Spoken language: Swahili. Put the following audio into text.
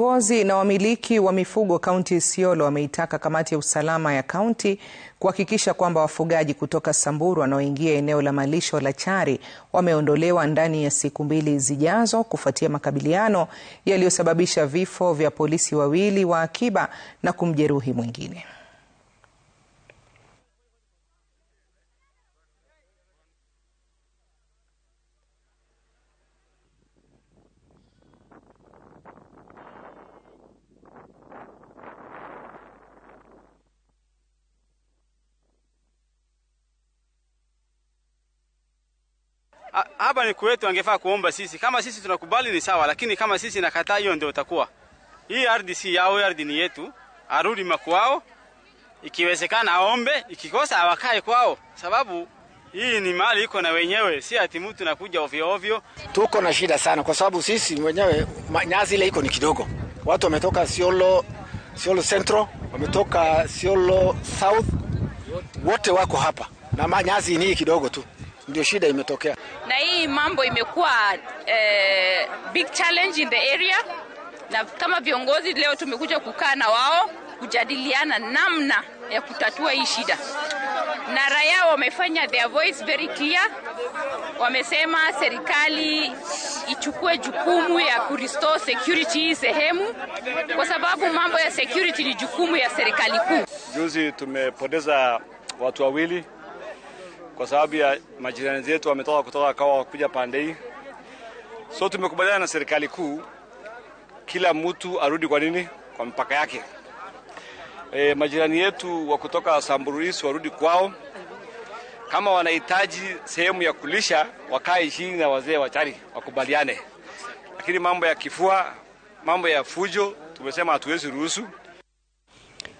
Viongozi na wamiliki wa mifugo kaunti Isiolo wameitaka kamati ya usalama ya kaunti kuhakikisha kwamba wafugaji kutoka Samburu wanaoingia eneo la malisho la Chari wameondolewa ndani ya siku mbili zijazo kufuatia makabiliano yaliyosababisha vifo vya polisi wawili wa akiba na kumjeruhi mwingine. hapa ni kwetu, angefaa kuomba sisi. Kama sisi tunakubali ni sawa, lakini kama sisi nakataa, hiyo ndio itakuwa hii ardhi si yao, ardhi ni yetu. Arudi makwao, ikiwezekana aombe, ikikosa awakae kwao, sababu hii ni mali iko na wenyewe, si ati mtu nakuja ovyo ovyo. Tuko na shida sana, kwa sababu sisi wenyewe nyasi ile iko ni kidogo. Watu wametoka Siolo, Siolo Central, wametoka Siolo South, wote wako hapa na nyasi ni kidogo tu ndio shida imetokea, na hii mambo imekuwa eh, big challenge in the area, na kama viongozi leo tumekuja kukaa na wao kujadiliana namna ya kutatua hii shida, na raia wamefanya their voice very clear. Wamesema serikali ichukue jukumu ya kurestore security hii sehemu, kwa sababu mambo ya security ni jukumu ya serikali kuu. Juzi tumepoteza watu wawili kwa sababu ya majirani zetu wametoka kutoka Kawa wakuja pande hii. So tumekubaliana na serikali kuu, kila mtu arudi kwa nini kwa mpaka yake. E, majirani yetu wa kutoka Samburu East warudi kwao. Kama wanahitaji sehemu ya kulisha, wakae chini na wazee wachari wakubaliane, lakini mambo ya kifua, mambo ya fujo tumesema hatuwezi ruhusu.